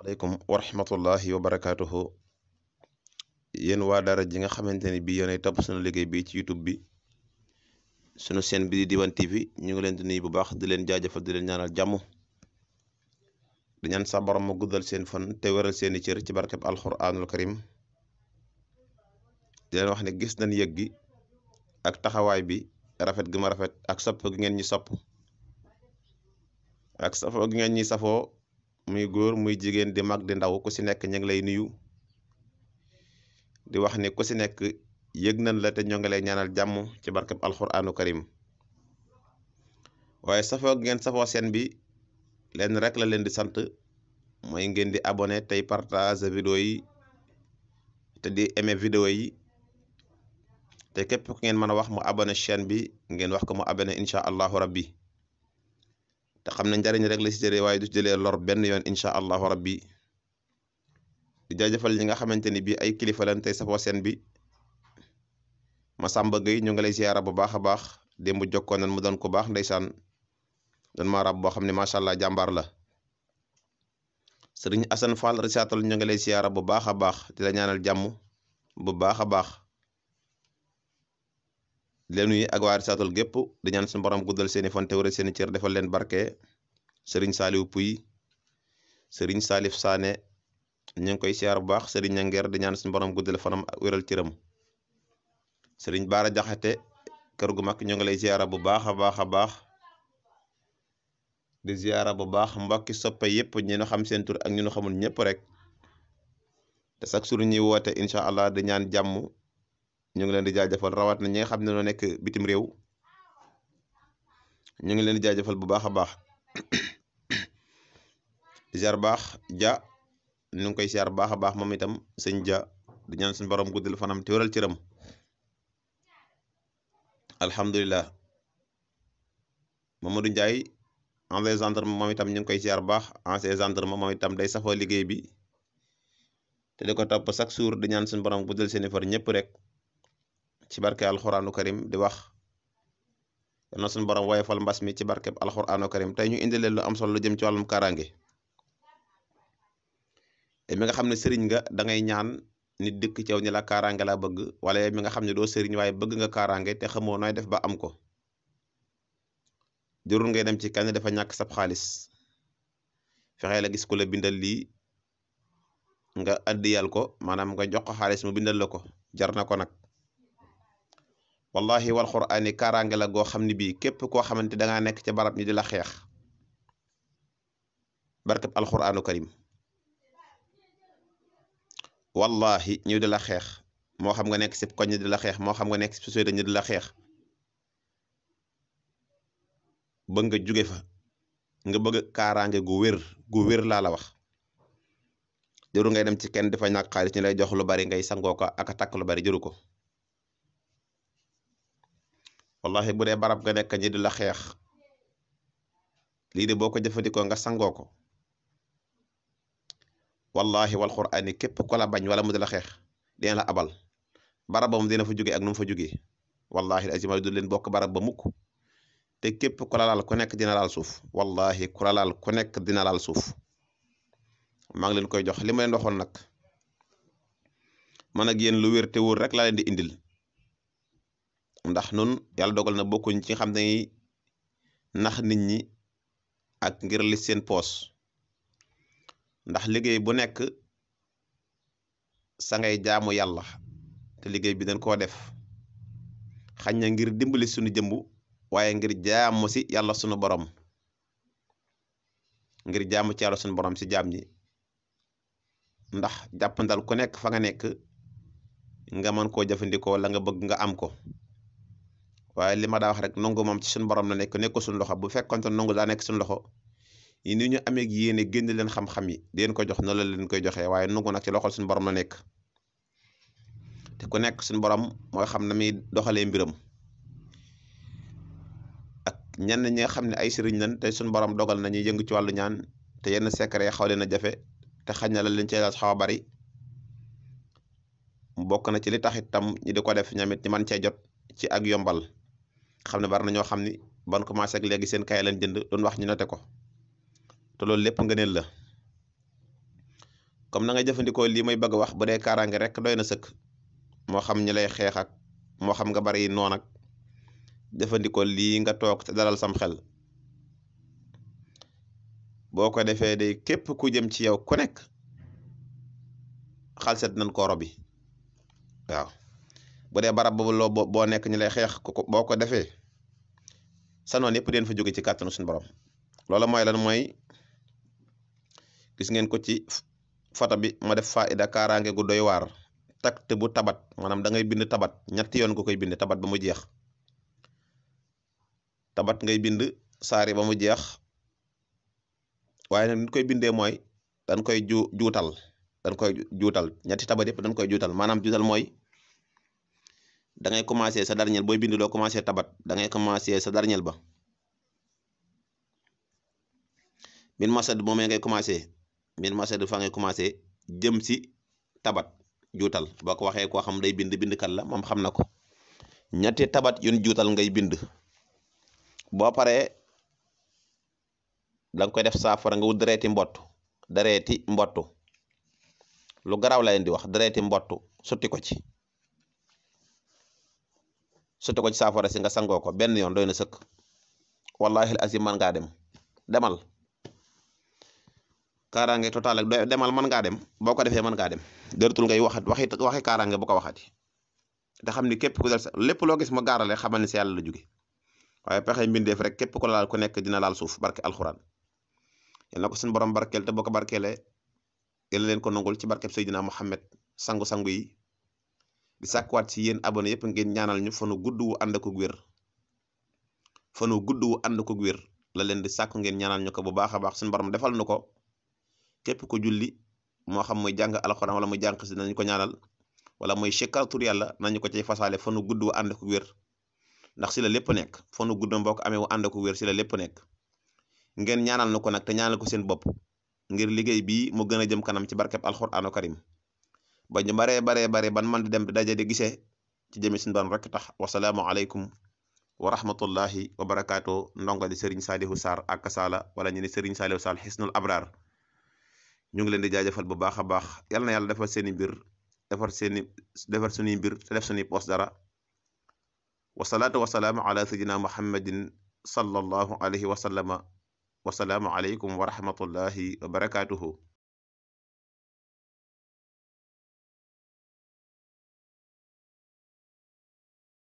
aleykum wa rahmatullahi wa barakaatuhu yéen waa dara ji nga xamante ne bii yéenay topp sunu liggéey bi ci YouTube bi sunu chaîne bi di Diwane TV ñu ngi leen di nuyu bu baax di leen jaajëfal di leen ñaanal jàmm di ñaan sa borom mu guddal seen fan te wéral seeni cër ci barkeb alxuraanul karim di leen wax ne gis nañ yëg gi ak taxawaay bi rafet gi rafet ak sopp gi ngeen ñi sopp ak safoo gi ngeen ñi safoo muy góor muy jigéen di mag di ndaw ku nekk ñu ngi lay nuyu di wax ni ku si nekk yëg nañ la te ñoo ngi lay ñaanal jàmm ci barkeb alxuraanu karim waaye safoo ngeen safoo seen bi leen rek la leen di sant mooy ngeen di abonné tey partage vidéo yi te di aimé vidéo yi te képp ku ngeen mën a wax mu abonné chaîne bi ngeen wax ko mu abonné incha allahu rabbi te xam ne njariñ rek la si jëlee waaye du ci jëlee lor benn yoon incha allahu rabbi di jaajëfal ñi nga xamante ni bii ay kilifa lañ tey safoo seen bi Massamba Gueye ñu ngi lay ziyaara bu baax a baax démb jokkoo nan mu doon ko baax ndeysaan doon maa rab boo xam ne macha allah jàmbaar la sëriñ Assane Fall risaatal ñu ngi lay ziyaara bu baax a baax di la ñaanal jàmm bu baax a baax. di leen nuyu ak waa Risaatul gépp di ñaan suñu borom guddal seen i fan te wëral seen i cër defal leen barke Serigne Saliou Pouy Salif Sané ñu ngi koy siyaar bu baax Serigne Ñangeer di ñaan suñu borom guddal fanam ak wëral cëram Serigne Baara Jaxate kër gu mag ñu ngi lay ziara bu baax a baax a baax di ziara bu baax mbokki soppe yëpp ñi ñu xam seen tur ak ñu nu xamul ñëpp rek te chaque jour ñuy woote incha allah di ñaan jàmm. ñu ngi leen di jaajëfal rawat na ñi nga xam ne noo nekk bitim réew ñu ngi leen di jaajëfal bu baax a baax di ziar baax jaa ñu ngi koy ziar baax a baax moom itam sëñ jaa di ñaan suñu borom guddal fanam te wéral cëram alhamdulilah Mamadou Ndiaye ancien gendarme moom itam ñu ngi koy ziar baax ancien gendarme moom itam day safoo liggéey bi te di ko topp chaque jour di ñaan suñu borom guddal seeni far ñëpp rek. ci barke alxuraanu karim di wax yal na suñu borom woyofal mbas mi ci barkeb alxuraanu karim tey ñu indi leen lu am solo lu jëm ci wàllum kaaraange mi nga xam ne sëriñ nga dangay ñaan nit dikk ci yow ni la kaaraange laa bëgg wala yow mi nga xam ne doo sëriñ waaye bëgg nga kaaraange te xamoo nooy def ba am ko jurul ngay dem ci kenn dafa ñàkk sab xaalis fexee la gis ku la bindal lii nga addiyal ko maanaam nga jox ko xaalis mu bindal la ko jar na ko nag wallahi wal qur'aani kaaraange la goo xam ne bii képp koo xamante da ngaa nekk ca barab ñi di la xeex barkab alqur'aanu karim wallahi ñu di la xeex moo xam nga nekk si ko ñi di la xeex moo xam nga nekk si société ñi di la xeex ba nga jóge fa nga bëgg kaaraange gu wér gu wér laa la wax jëru ngay dem ci kenn dafa ñàkk xaalis ñu lay jox lu bari ngay sangoo ko ak a takk lu bari jëru ko wallahi bu dee barab ko nekk ñi di la xeex lii de boo ko jëfandikoo nga sangoo ko wallahi wal qur'ani képp ko bañ wala mu di xeex dina la abal barab ba moom dina fa jóge ak nu mu fa jógee wallahi a du leen bokk barab ba mukk te képp ku la laal nekk dina laal suuf wallahi ku la nekk dina laal suuf maa ngi leen koy jox li ma leen waxoon nag man ak yéen lu wér te wóor rek laa di indil ndax nun yàlla dogal na bokkuñ ci xam ne nax nit ñi ak ngir li seen poos ndax liggéey bu nekk sa ngay jaamu yàlla te liggéey bi dañ koo def xañ na ngir dimbali suñu jëmb waaye ngir jaamu si yàlla sunu borom ngir jaamu ci yàlla sunu borom ci jaam ñi ndax ndal ku nekk fa nga nekk nga mën koo jëfandikoo la nga bëgg nga am ko waaye li ma daa wax rek nangu moom ci suñu borom la nekk nekk suñu loxo bu fekkonte nangu daa nekk suñu loxo yi ni ñu amee ak yéene génn leen xam-xam yi di leen ko jox na la leen koy joxee waaye nangu nag ci loxol suñu borom la nekk te ku nekk suñu borom mooy xam na muy doxalee mbiram ak ñenn ñi nga xam ne ay sëriñ lan te suñu borom dogal na nañuy yëngu ci wàllu ñaan te yenn secret xaw leen a jafe te xañ na la leen cee laaj xaw a bari bokk na ci li tax itam ñi di ko def ñamit ñi man cee jot ci ak yombal xam ne bari na ñoo xam ni ban commencé ak seen kaye leen jënd doon wax ñu noté ko te loolu lépp nga neen la comme na nga jëfandikoo lii may bëgg wax bu dee kaaraange rek doy na sëkk moo xam lay xeex moo xam nga bari noon ak jëfandikoo lii nga toog te dalal sam xel boo ko defee day képp ku jëm ci yow ku nekk sedd nañ ko robi waaw bu dee barab boobu loo boo nekk ñu lay xeex boo ko defee sa yëpp deen fa jóge ci kàttanu suñu borom loolu mooy lan mooy gis ngeen ko ci foto bi ma def faida kaaraange gu doy waar takte bu tabat maanaam da ngay bind tabat ñetti yoon nga koy bind tabat ba mu jeex tabat ngay bind saari ba mu jeex waaye nag ñu koy bindee mooy dan koy ju juutal dan koy juutal ñetti tabat yëpp dañ koy juutal maanaam juutal mooy da ngay commencé sa darñel booy bind doo commencé tabat da ngay commencé sa darñel ba min masad moomee ngay commencé min masad fa ngay commencé jëm si tabat juutal boo ko waxee koo xam day bind bind kat la moom xam na ko ñetti tabat yun juutal ngay bind boo paree danga koy def saafara nga wut dareeti mbott dareeti mbott lu garaw la leen di wax dareeti mbott sotti ko ci sotti ko ci saafara si nga sangoo ko benn yoon doy na sëkk wallahi azim man ngaa dem demal kaaraange total ak demal man ngaa dem boo ko defee mën ngaa dem dërtul ngay waxat waxi waxi kaaraange bu ko waxati te xam ni képp ku dal sa lépp loo gis ma gaarale xamal ni si yàlla la jóge waaye pexe mbindeef rek képp ko laal ku nekk dina laal suuf barke alxuraan yal na ko suñu borom barkeel te boo ko barkeelee yal leen ko nangul ci barkeb Seydina Muhammad sangu-sangu yi di waat ci yéen abonné yëpp ngeen ñaanal ñu fanu gudd wu ànd ko gudd wu ànd ko wér la leen di sàkku ngeen ñaanal ñu ko bu baax a baax suñu borom defal nu ko képp ko julli moo xam muy jàng alxuraan wala muy jàng si nañu ko ñaanal wala muy sikkar tur yàlla nañu ko cay fasaale fanu gudd wu ànd ko wér ndax si la lépp nekk fonu gudd mbokk amee wu ànd ko wér si la lépp nekk ngeen ñaanal nu ko nag te ñaanal ko seen bopp ngir liggéey bi moo gën a jëm kanam ci barkeb alxuraanu karim ba ñu baree baree bare ban man di dem daje di gisee ci jëmi suñu borom rek tax wasalaamualeykum wa rahmatullahi wa barakaatu ndongo di Serigne Saliou saar ak wala ñu ne Serigne Saliou Sarr xisnul abraar ñu ngi leen di jaajëfal bu baax a baax yal na yàlla defal seen i mbir defar seen i defar suñuy mbir te def suñuy poos dara wasalaatu wasalaamu ala sayyidina muhammadin sallallahu alayhi wa sallama wasalaamu aleykum wa rahmatullahi wa barakaatuhu